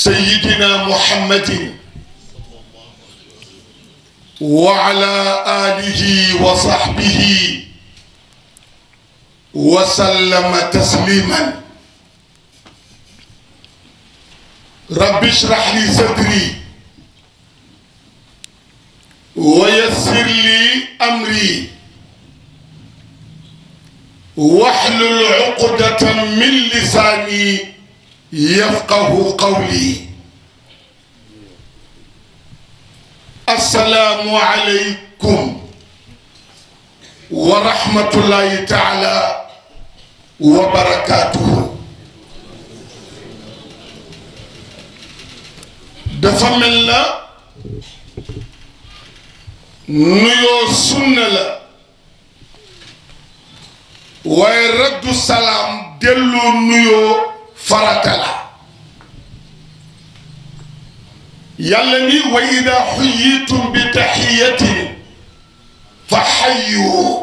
سيدنا محمد وعلى آله وصحبه وسلم تسليما رب اشرح لي صدري ويسر لي أمري واحلل عقدة من لساني yafqahu qawli assalaamu aleykum wa rahmatullahi taala wa barakaatuhu dafa mel na nuyoo sunna la waaye raddu salaam delloo nuyoo farata la yàlla ni wa ida xuyitum bi taxiyatin fa xayu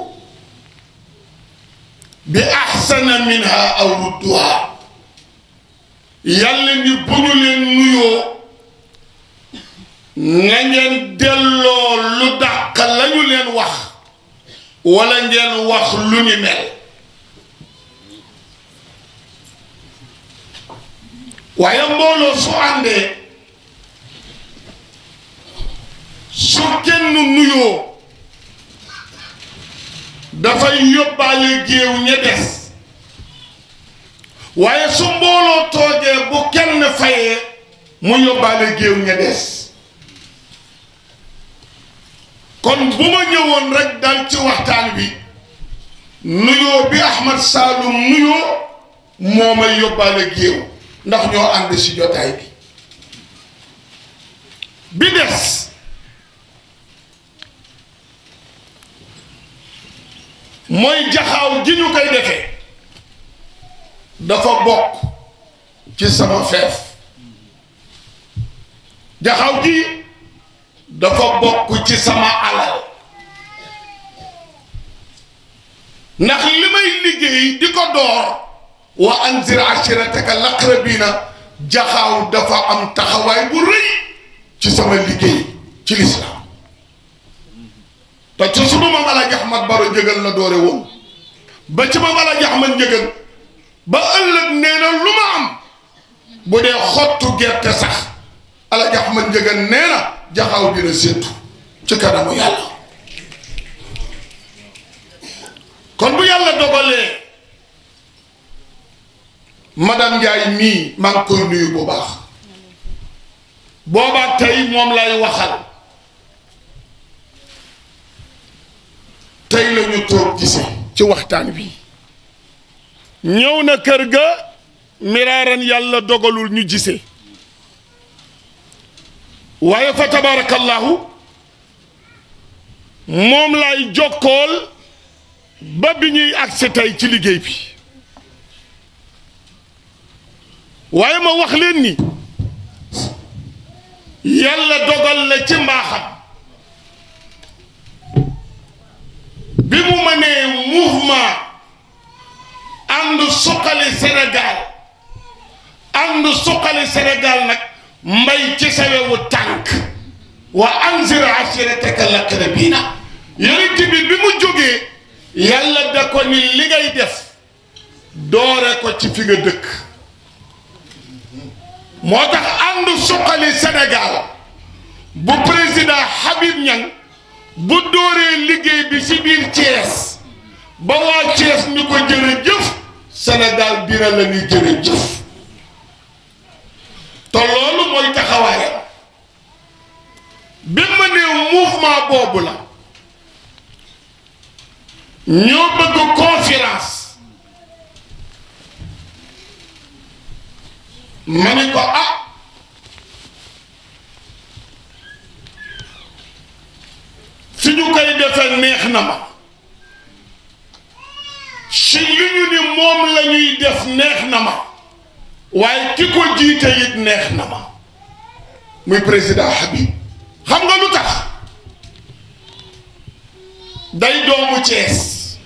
bi axsana minha aw rudduha yàlla ni bu ñu leen nuyoo na ngeen delloo lu dàq la ñu leen wax wala ngeen wax lu ni mel waaye mbooloo su àndee su kenn nuyoo dafay yóbbaale géew ña des waaye su mbooloo toogee bu kenn fayee mu yóbbaale géew ña kon bu ma ñëwoon rekk dal ci waxtaan bi nuyoo bi Ahmed Saloum nuyoo moo yóbbaale géew ndax ñoo ànd si jotaay bi bi des mooy jaxaaw ji ñu koy defee dafa bokk ci sama feef jaxaw ji dafa bokk ci sama alal ndax li may liggéey di ko door wa a ashirataka laqrabina jaxaaw dafa am taxawaay bu rëy ci sama liggéey ci lislaam te ci suma ma Alaaji Ahmad Baro njëgal la doore woon ba ci maam Alaaji Ahmad njëgal ba ëllëg nee lu ma am bu dee xottu gerte sax Alaaji Ahmad njëgal nee na jaxaaw dina séttu ci kanamu yàlla kon bu yàlla dogalee madame Ndiaye mii maa koy nuyu bu baax boobaa tey moom lay waxal tey lañu toog gise ci waxtaan bi ñëw na kër ga miraaran yàlla dogalul ñu gise waaye fa tabarakallahu moom lay jokkool ba bi ñuy agsi tey ci liggéey bi waaye ma wax leen ni yàlla dogal na ci mbaaxam bi mu ma nee mouvement ànd suqali senegal ànd suqali Sénégal nag mbay ci sawewu tànk wa anzir ashirataka al-aqrabina yonent bi bi mu jógee yàlla da ni li ngay def doore ko ci fi nga dëkk moo tax àndu suqali Sénégal bu président Habib Niang bu dóoree liggéey bi ci biir Thiès ba waa Thiès ñu ko jërëjëf Sénégal dina la ni jërëjëf te loolu mooy taxawaayam bi ma nee boobu la ñoo bëgg conférence ma ne ko ah fi ñu koy defee neex na ma si ñu ni moom la ñuy def neex na ma waaye ki ko jiite it neex na ma muy président Habib xam nga lu tax day doomu Cees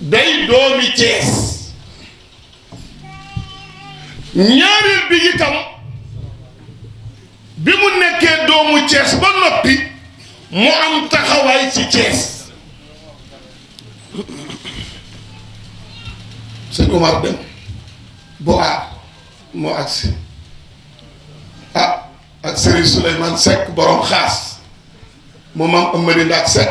day doomi Cees ñaareel bi itam bi mu nekkee doomu Cees ba noppi mu am taxawaay ci Cees sëñ Omar dem bu aar moo ak Serigne Souleymane Seck borom xaas mu maam Amari Ndaak Seck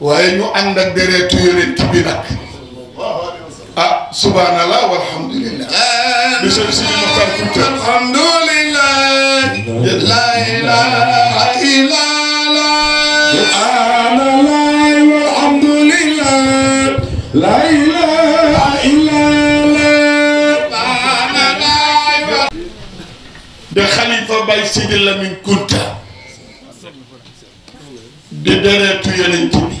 waaye ñu ànd ak dereetu yonent bi nag ah subhanallah walhamdulillah sëñ Sidi Mokhtar Kounta. alhamdulilah. la ilaha illallah. subhanallah walhamdulillah. la ilaha illallah. de xalifa Baye Sidi Lamine Kounta. di deretu yonent bi.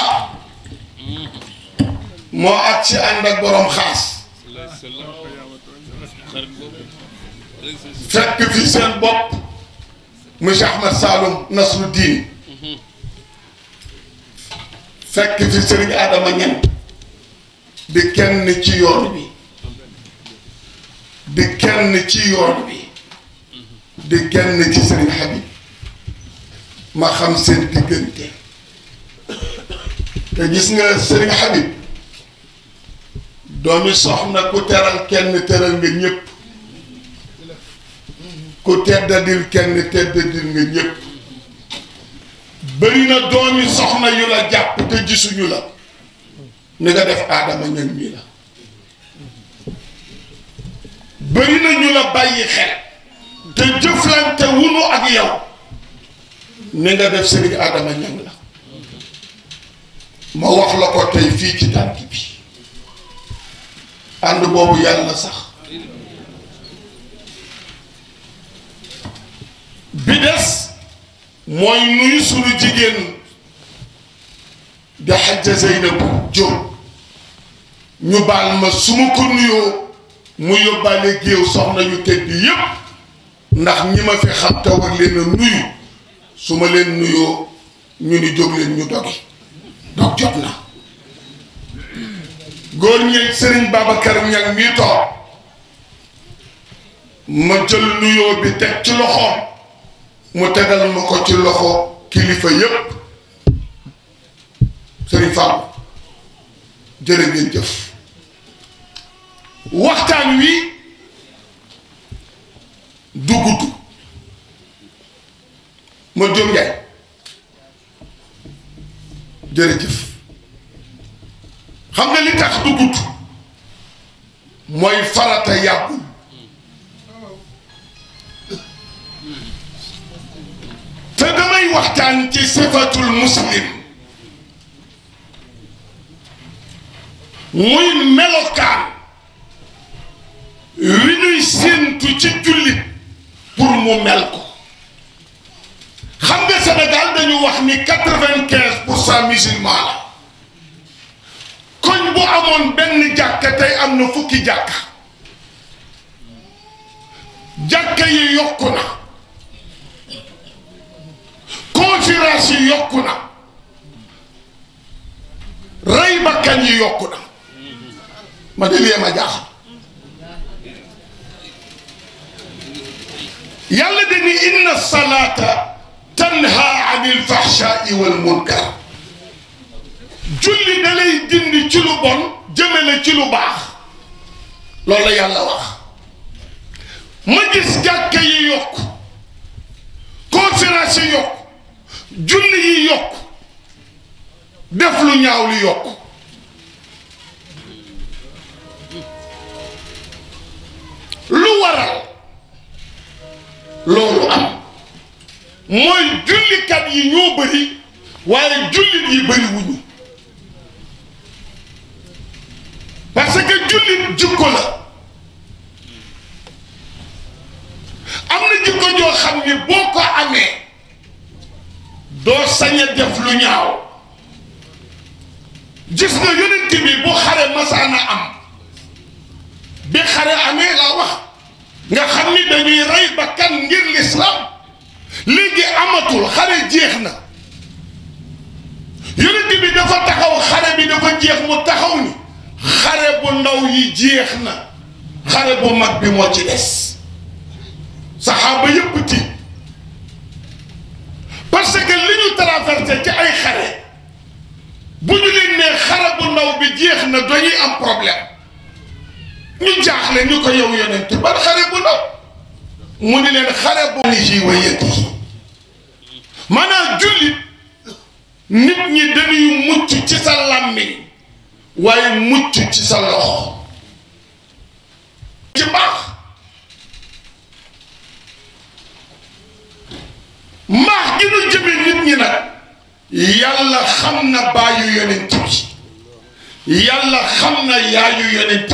ah. moo àgg si ànd ak borom xaas. sacrifice seen bopp monsieur Ahmed Saloum Nasru Diin fekk fi sëriñ Adama Ñaŋ di kenn ci yoon bi di kenn ci yoon bi di kenn ci sëriñ Habib ma xam seen diggante te gis nga sëriñ Habib doomi soxna ku teral kenn teral nga ñëpp. ku teddadil kenn teddadil nga ñëpp bëri na doomi soxna yu la jàpp te gisuñu la ni nga def aadama ñan mi la bëri na ñu la bàyyi xel te jëflante wunu ak yow ni nga def sëriñ aadama ñan la ma wax la ko tey fii ci tànk bi ànd boobu yàlla sax bi des mooy nuyu suñu jigéen di Hajja Zeynab Jóob ñu baal ma su ma ko nuyoo mu yóbbaale géew soxna ñu tedd yépp ndax ñi ma fi xam te war leen a nuyu su ma leen nuyoo ñu ni jóg leen ñu dogi dog jot na góor ñeeg Sëriñ Babacar ñag mii toog ma jël nuyoo bi teg ci loxoom mu tegal ma ko ci loxo kilifa yépp sëriñ Fall jërë ngeen jëf waxtaan wi du gudd ma jom njaay jërëjëf xam nga li tax du mooy farata yàggul damay waxtaan ci sifatul muslim muy melokaan wi ñuy séentu ci jullit pour mu mel ko xam nga Sénégal dañu wax ni quatre-vingt-quinze pour cent musulman koñ bu amoon benn jàkka am na fukki jàkka jàkka yi yokku conférence yi yokku na rey bakkan yi yokku na ma di lee ma jaaxal yàlla dañu inna salaata tanha anil fahshai wal munkar julli da lay dindi ci lu bon jëmale wax ma gis jàkka yi yokku conférence yi yokku julli yi yokk def lu ñaaw li yokk lu waral loolu mooy jullikat yi ñoo bëri waaye jullit yi bëri wuñu parce que jullit jikko la sañ a def lu ñaaw gis nga yonent bi bu xare masaana am bi xare amee la wax nga xam ni dañuy rey bakkan ngir lislaam léegi amatul xare jeex na yonent bi dafa taxaw xare bi dafa jeex mu taxaw ni xare bu ndaw yi jeex na xare bu mag bi moo ci des saxaaba yëpp parce que li ñu traversé ci ay xare bu ñu leen nee xare bu ndaw bi jeex na dañuy am problème ñu jaaxle ñu ko yow yonent ban xare bu ndaw mu ni leen xare bu ni ji wa yëti jullit nit ñi dañuy mucc ci sa làmmiñ waaye mucc ci sa loxo ci baax maax gi nu jëme nit ñi nag yàlla xam na baayu yonent bi yàlla xam na yaayu yonent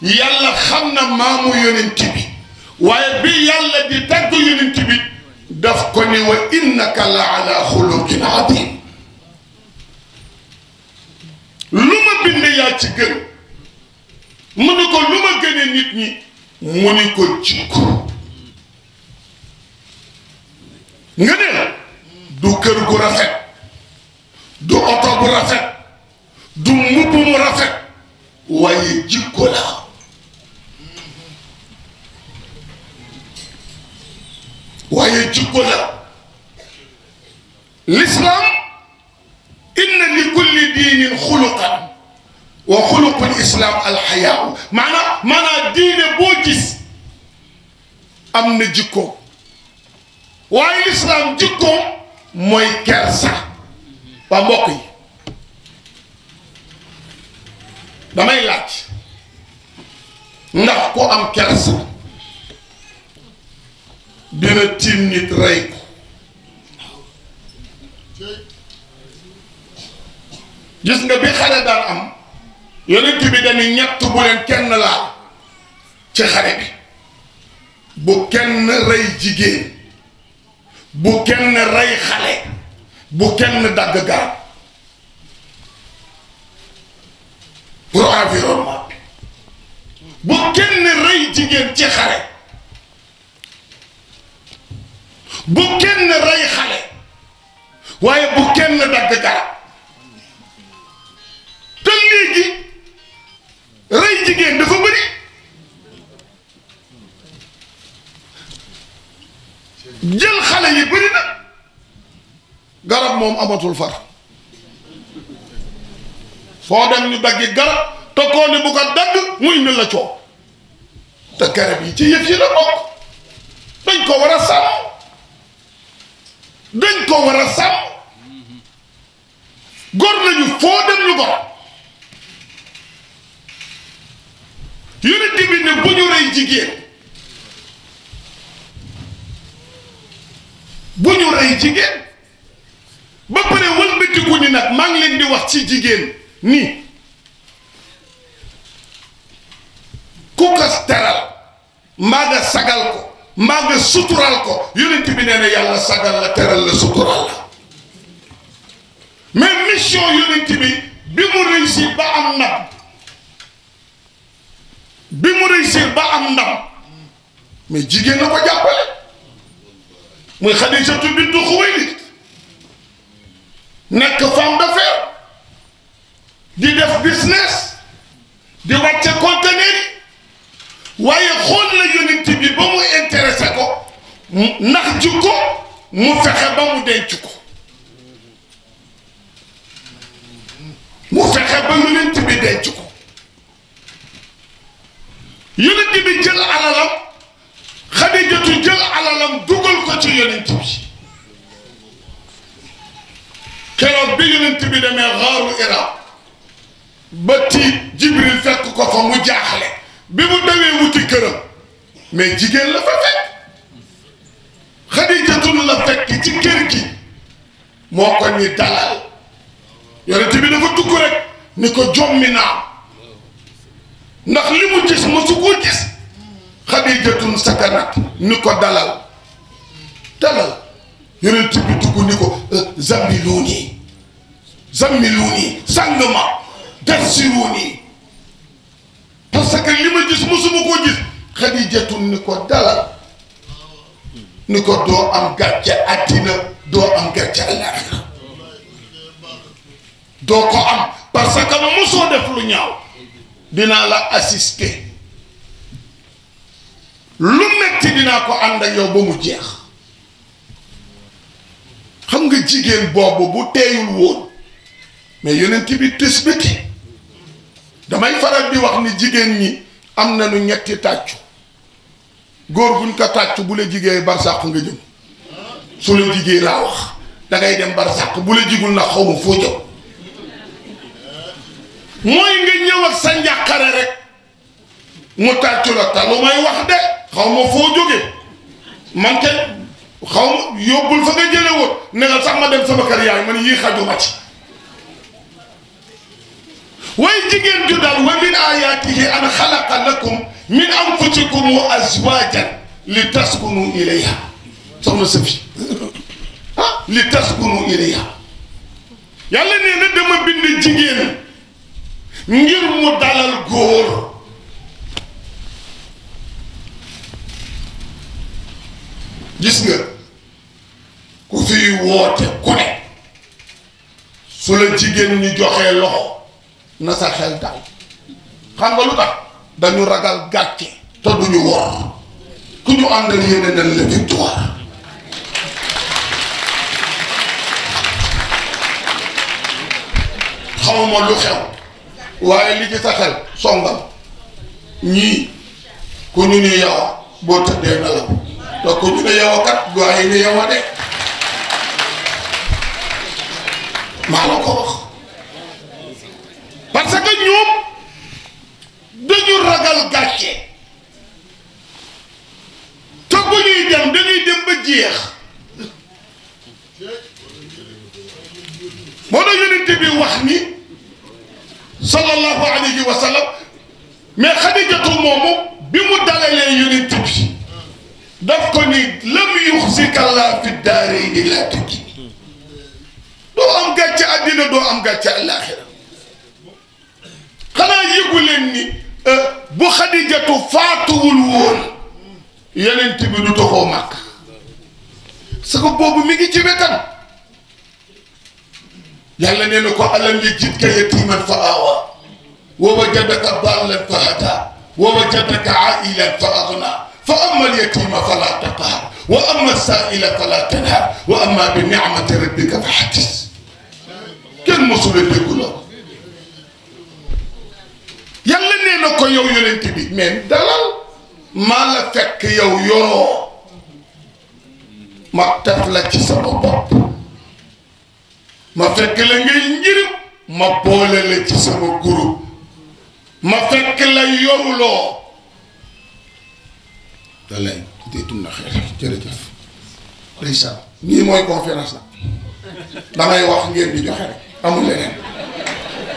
bi yàlla xam na maamu yonent bi waaye bi yàlla di tagg yonent bi daf ko ni wa innaka la ala xuluqin adim lu ma bind yaa ci gën mu ni ko lu ma gënee nit ñi mu ni ko jikko nga ne du kër gu rafet du oto bu rafet du mbubb mu rafet waaye jikko la waaye jikko la l'islam inna li kulli diinin xuluqan wa xuluqul islam alxayaa maanaam maanaam diine boo gis am na jikko waaye lislaam jikkoom mooy kersa ba mbokk yi damay laaj ndax ku am kersa dina tiim nit rey ko gis nga bi xare daan am yonent bi dañu ñett bu leen kenn laal ci xare bi bu kenn rey jigéen bu kenn rey xale bu kenn dagg garab pour environnement bi bu kenn rey jigéen ci xale bu kenn rey waaye bu kenn dagg garab te léegi rey jigéen dafa bëri jël xale yi bëri na garab moom amatul far foo dem daggi garab te ni bu ko dagg muy ni la coow te garab yi ci yëf yi la bokk dañ ko war a sàmm dañ ko war a sàmm gor nañu foo dem ñu gor yonent bi ne bu ñu rey jigéen bu ñu rey jigéen ba pare wëlbatiku ñu nag maa ngi leen di wax ci jigéen nii ku ko teral mbaa nga sagal ko mbaa nga sutural ko yonent bi nee na yàlla sagal la teral la sutural la mais mission yonent bi bi mu réussir ba am ndam bi mu réussir ba am ndam mais jigéen na ko jàppale muy Xadijatu bintu Xuwaylid nekk femme d'affaires di def business di wàcce conteneur yi waaye xool na yonent bi ba mu intéressé ko ndax jikko mu fexe ba mu denc ko mu fexe ba yonent bi denc ko yonent bi jël alalam Xadijatu jël alalam yonent bi keroog bi yonent bi demee xaaru iraq ba tiit jibril fekk ko fa mu jaaxle bi mu dawee wuti këram mais jigéen la fa fekk xadijatun la fekk ci kër gi moo ko ni dalal yonent bi dafa dugg rek ni ko jommi naa ndax li mu gis mosu koo gis xadijatun sakanat ni ko dalal tàllal yonent bi dugg ni ko euh, zammiluuni zammiluuni sàng ma dassiruuni parce que li ma gis musuma koo gis xadijatu ni ko dalal ni ko doo am gàcce àddina doo am gàcce àllaaxira doo ko am parce que mosoo def lu ñaaw dinaa la assister lu metti dinaa ko ànd ak yow ba mu jeex xam nga jigéen boobu bu teeyul woon mais yonent bi tës damay faral di wax ni jigéen ñi am na ñu ñetti tàccu góor guñ ko tàccu bu la jigéey barsàq nga jëm su la jigéey laa wax dangay dem barsàq bu la jigul na xaw ma foo jëm mooy nga ñëw ak sa njàqare rek mu tàccu la ta wax de xaw ma foo jóge man kenn xaw ma yóbbul fa nga jële woon ne nga sax ma dem sama kër yaay man yii xaju ma jigéen ju daal wa ayaatihi an xalaqa lakum min anfusikum wa azwajan li taskunu ilayha soxna Safi ah li taskunu ilayha ngir mu dalal góor gis nga kuy woote ku ne su la jigéen ñi joxee loxo na sa xel dal xam nga lu tax dañu ragal gàcce te duñu wor ku ñu àndal yéene nañ la victoire xamuma lu xew waaye li sa xel songal ñii ku ñu ni yow boo tëddee na te ku ñu ne yow kat gaa yi ni de maa la ko wax parce que ñoom dañu ragal gàcce te bu ñuy dem dañuy jeex moo tax yonent bi wax ni sallallahu alayhi wa sallam mais moomu bi mu dalalee yonent bi daf ko lam yuxsika allah fi daarayni laa tëj doo am gàcce àddina doo am gàcce àllaaxira xanaa yëgu leen ni euh, bu xadijatu faatuwul woon yeneen bi du toxoo màkk sa ko boobu mi ngi ci wetam yàlla nee na ko alam yajidka yatiman fa awa wa wajadaka dallan fa hada wa wajadaka ailan fa agna fa amma alyatima fala taqhar wa amma saila fala tanhar wa amma bi nicmati rabbika fa hadis kenn mosula dégg loolu yàlla nee na ko yow yonent bi mais dalal maa la fekk yow yoroo ma taf la ci sama bopp ma fekk la ngay njëriñ ma boole la ci sama groupe ma fekk la yoruloo da lay tuddee tun na xeer jërëjëf ndeysaan nii mooy conférence la damay wax ngeen di joxe rek amul leneen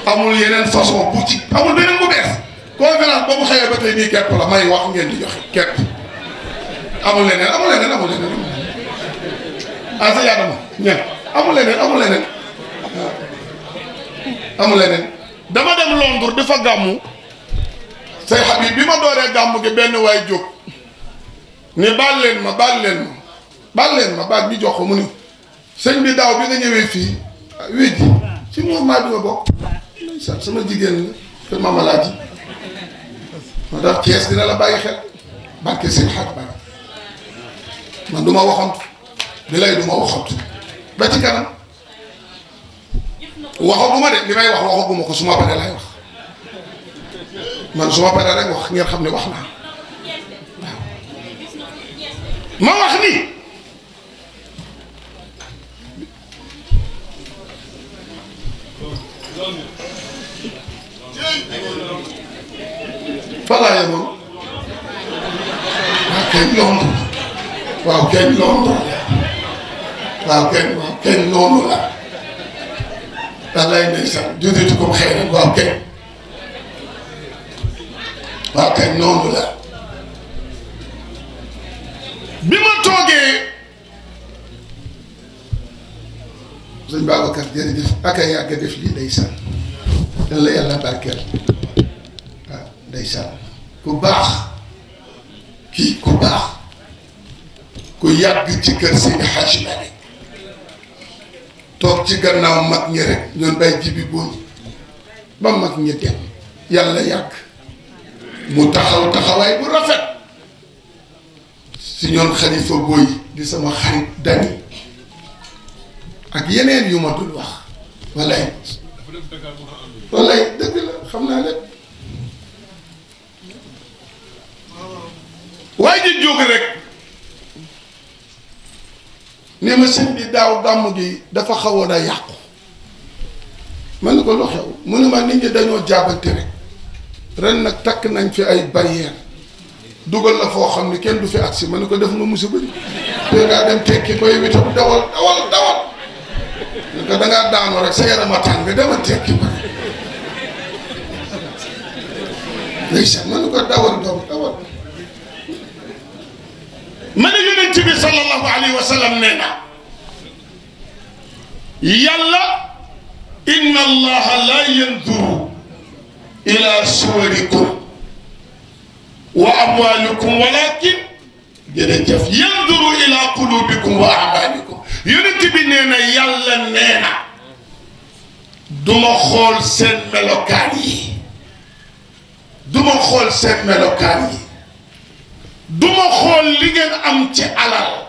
amul yeneen façon bu ci amul beneen bu bees conférence boobu xëyee ba tey nii képp la may wax ngeen di joxe képp amul leneen amul leneen amul leneen ah sa yaadama ñen leneen dama dem Londres di fa gàmmu say xabib bi ma dooree gàmmu gi benn waay jóg ni baal leen ma baal leen ma baal leen ma baal bi jox ko mu ni sëñ bi daaw bi nga ñëwee fii wii ji ci mouvement bi nga bokk sama jigéen la kër Mama Laaji moo tax Thiès dina la bàyyi xel barke seen xaaj bara man du ma waxantu lay du ma ba ci kanam waxaguma de li may wax waxaguma ko su ma paree lay wax man su ma paree rek wax ngeen xam ne wax naa ma wax nii falaa yemoon waaw kenn noonu waaw kenn noonu waaw kenn waaw kenn noonu la wallaay ndeysaan juditu comme xëy na waaw kenn waaw kenn noonu la bi ma toogee sëñ Babacar jërëjëf ak ay yàgg def lii day sànn dana la yàlla barkeel ah, baax kii ku baax ku yàgg ci kër ci gannaaw mag ñi rek ñoon ba mag ñi taxaw taxawaay rafet si ñoon xalifa di sama xarit dani ak yeneen yu ma dul wax wallaay wallaay dëgg la xam naa lépp waaye ji jóg rek ne ma sëñ bi daaw gàmm gi dafa xawoon a yàqu man ne ko lu xew mu ne ma nit ñi dañoo jàppante rek ren nag takk nañ fi ay barrière dugal la foo xam ni kenn du fi agsi ma ne ko def nga musiba te ngaa dem tekki koy witam dawal dawal dawal da dangaa daanu rek sa yaram a tàng bi dama tekki ko rek ndeysaan ma ne ko dawal doom dawal ma ne yonent bi sallallahu alayhi wa sallam nee na yàlla inna allaha la yanduru ila suwarikum wa amwalikum walakin jërëjëf yanduru ila qulubikum wa amalikum yonent bi nee na yàlla nee na duma xool seen melokaan yi duma xool seen melokaan yi duma xool li ngeen am ci alal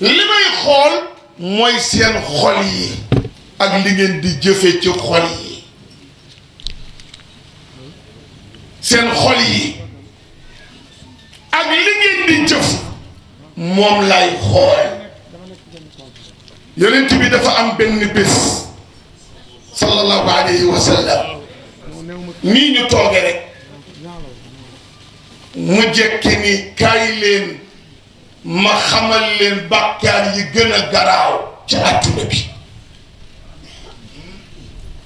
li may xool mooy seen xol yi ak li ngeen di jëfe ci xol yi seen xol yi ak li ngeen di jëf moom lay xool yonent bi dafa am benn bés sallallahu alayhi wa sallam nii ñu tooge rek mu jekki ni kaay leen ma xamal leen bàkkaar yi gën a garaaw ci àdduna bi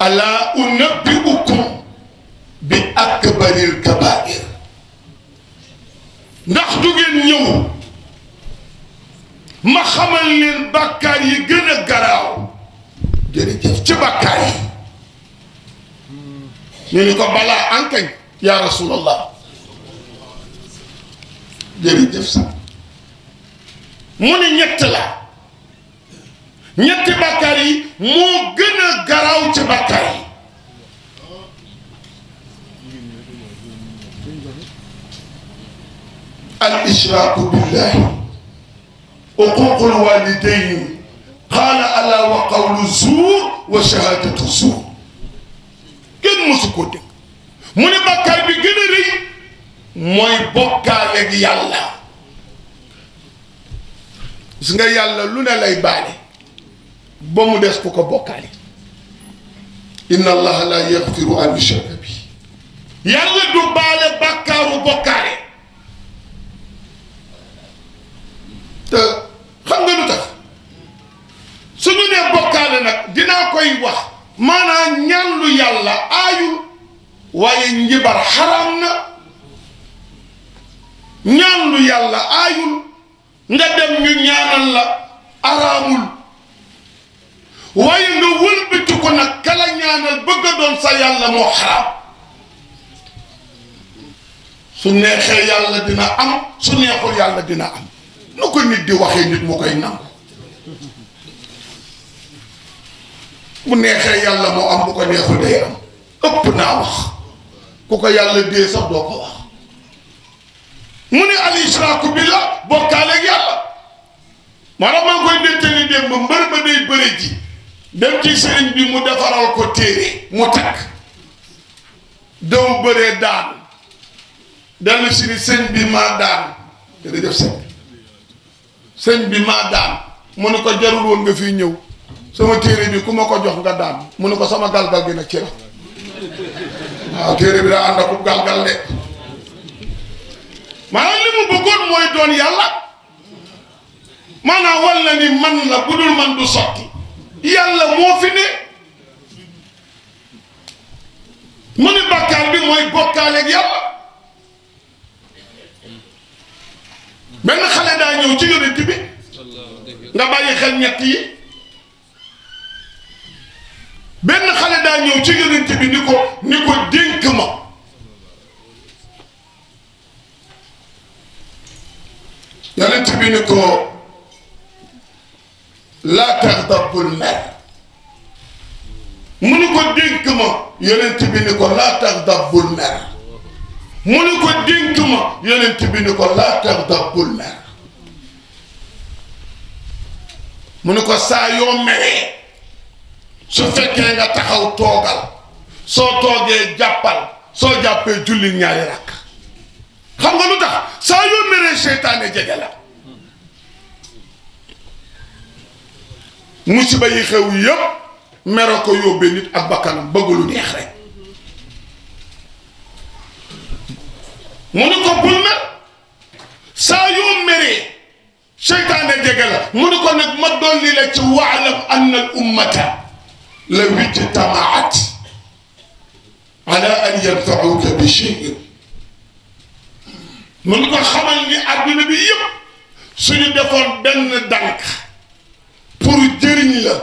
alaa unabbi'ukum bi akbaril kabaa'ir ndax du ngeen ñëw ma leen bàkkaar yi gën a garaaw ci bàkkaar yi ñu ko balaa ankañ yaa rasulallah jërëjëf mu ni ñett la ñetti bàkkaar yi moo gën a ci bàkkaar al ishraaku billahi uquuqul waalidayni qaala alaa wa qawlu zuur wa shahaadatu zuur kenn mësu koo dégg mu ne bàkkaar bi gën a rëy mooy bokkaaleeg yàlla gis nga yàlla lu ne lay baale ba mu des ku ko bokkaale inna allaha la yaxfiru an yushraka bi yàlla du baale bàkkaaru bokkaale te nag dinaa koy wax maanaam ñaan lu yàlla aayul waaye njibar xaraam na ñaan lu yàlla aayul nga dem ñu ñaanal la araamul waaye nga wëlbati ko nag kala ñaanal bëgg a doon sa yàlla moo xaraam su neexee yàlla dina am su neexul yàlla dina am nu ko nit di waxee nit mu koy nangu bu neexee yàlla moo am bu ko neexul am ëpp naa wax ku ko yàlla dee sax doo ko wax mu ne al ishraaku billah bokkaale ak yàlla maanaam maa koy nettali démb mbër ba day bëri ji dem ci sëriñ bi mu defaral ko téere mu takk daw bëree daan dellu si ni sëñ bi maa daan sëñ bi maa daan mu ne ko jarul woon nga fiy ñëw suma téere bi ku ma ko jox nga daan mu ne ko sama galgal gi nag ci waaw téere bi daa ànd ak galgal de maanaam li mu bëggoon mooy doon yàlla maanaam wal na ni man la bu dul man du sotti yàlla moo fi ne mu ne bàkkaar bi mooy bokkaaleeg yàlla benn xale daa ñëw ci yonent bi nga bàyyi xel ñett yi benn xale daa ñëw ci yonent bi ni ko ni ko dénk ma yonent bi ni ko laa taxdab bul mer mu ni ko dénk ma yonent bi ni ko laa taxdab bul mer mu ni ko dénk ma yonent bi ni ko laa taxdab bul mer mu ni ko saa yoo meree su fekkee nga taxaw toogal soo toogee jàppal soo jàppee julli ñaari rakk xam nga lu tax saa yoo meree seytaane jege la musiba yi xew yépp mere ko mu ne ko bul mer saa yoo meree seytaane jege la mu ne ko nag ma dolli la ci waalam anna al لو اجتمعت على أن ينفعوك بشيء mun ko xamal ni adduna bi yëpp suñu defoon benn dànk pour jëriñ la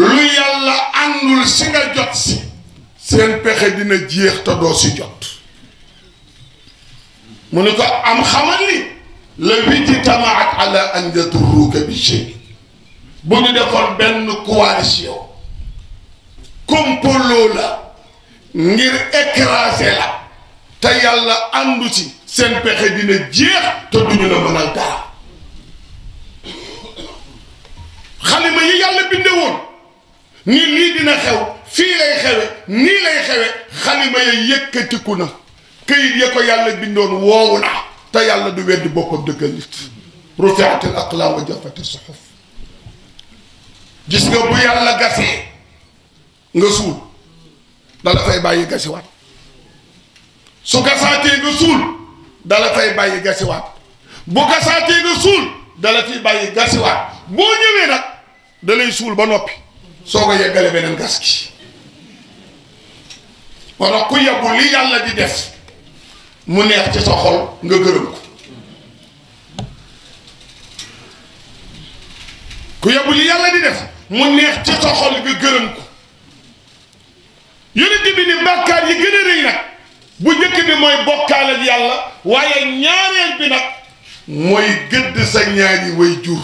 lu yàlla àndul si nga jot si seen pexe dina jeex te doo si jot mu ne ko am xamal ni la witi tamaat ala an yadurruka bi shay bu ñu defoon benn coalition kompoloo la ngir écraser la te yàlla àndu ci seen pexe dina jeex te duñu la mënal dara xalima yi yàlla binde woon ni lii dina xew fii lay xewe nii lay xewe xalima ya yëkkatiku na këyit ya ko yàlla bindoon woowu na te yàlla du weddi boppam dëggal nit rufiatil aqlaam wa gis nga bu yàlla gasee nga suul dala fay bàyyi gasiwaat su gasaatee nga suul dala fay bàyyi gasiwaat bu gasaatee nga suul dala fiy bàyyi gasiwaat boo ñëwee nag dalay suul ba noppi soo ko yeggale beneen gas gi wala ku yebbu li yàlla di def mu neex ci sa xol nga gërëm ko ku yebbu li yàlla di def mu neex ci sa xol nga gërëm ko yonent bi ni bàkkaar yi gën a rëy nag bu njëkk bi mooy bokkaal ak yàlla waaye ñaareel bi nag mooy gëdd sa ñaari way jur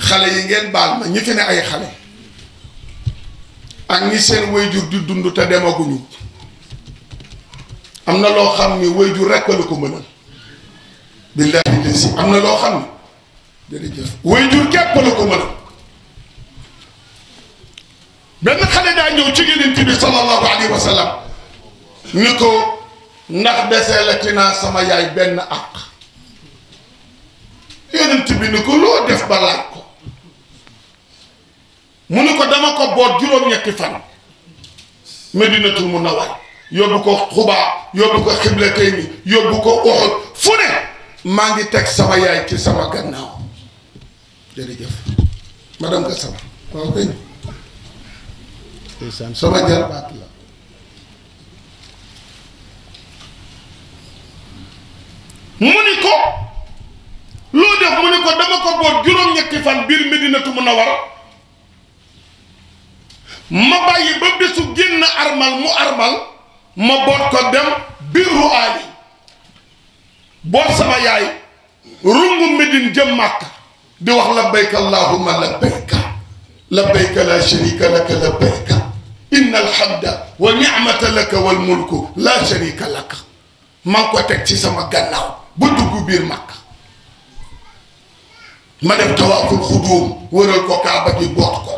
xale yi ngeen baal ma ñi fi ay xale ak ñi seen way jur di dund te demaguñu am na loo xam ni way jur rekk la ko mën billaahi am na loo xam ni jërëjëf way jur képp benn xale daa ñëw ci yonent bi sallallahu alayhi wa sallam ni ko ndax desee la tinaa sama yaay benn àq yonent bi ni ko loo def ba ko mu ni ko dama ko boot juróom-ñetti fan medinatul munawwar yóbbu ko xubaa yóbbu ko xiblatayni yóbbu ko Uhud fu ne maa ngi teg sama yaay ci sama gannaaw jërëjëf madame Gassama ndeysaan sama jarbaat la mu ni ko loo def mu ni ko dama ko boot juróom-ñetti fan biir Medinatu Munawwara ma bàyyi ba bésu génn armal mu armal ma boot ko dem birru aali boot sama yaay rungu Medine jëm Màkka di wax labbayka allahumma labbayka sharika laka labbayk inna alhamda wa ni'mata laka wal mulku laa sharika laka maa ngi ko teg ci sama gannaaw ba dugg biir Makka ma def tawaaful xuduum wëral ko Kaaba gi boot ko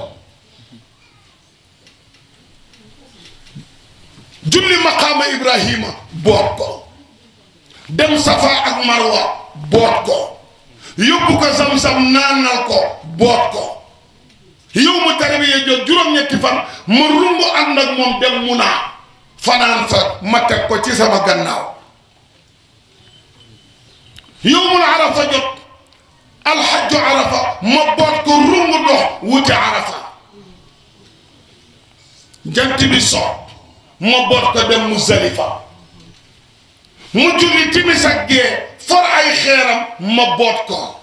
julli maqaama Ibrahima boot ko dem Safa ak Marwa boot ko yóbbu ko Zamzam naanal ko boot ko yow mu tarbiya jot juróom-ñetti fan ma rumb ànd ak moom dem mu fanaan fa ma teg ko ci sama gannaaw yow mun arafa jot alxajju arafa ma boot ko rungu dox wuti arafa jant bi so ma boot ko dem Musdalifa mu julli timis ak gee ay xeeram ma boot ko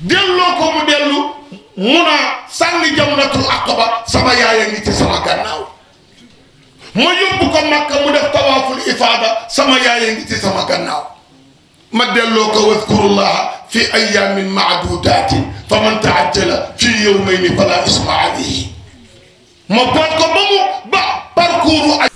delloo ko mu dellu mu naa sànni jamratul aqaba sama yaay a ngi ci sama gannaaw ma yóbbu ko Makka mu def tawaaful ifaada sama yaay a ngi ci sama gannaaw ma delloo ko wadkurullaha fi ayaamin maadudaati fa man taajjala fi yowmayni fala isma alayhi ma boot ko ba mu ba parcours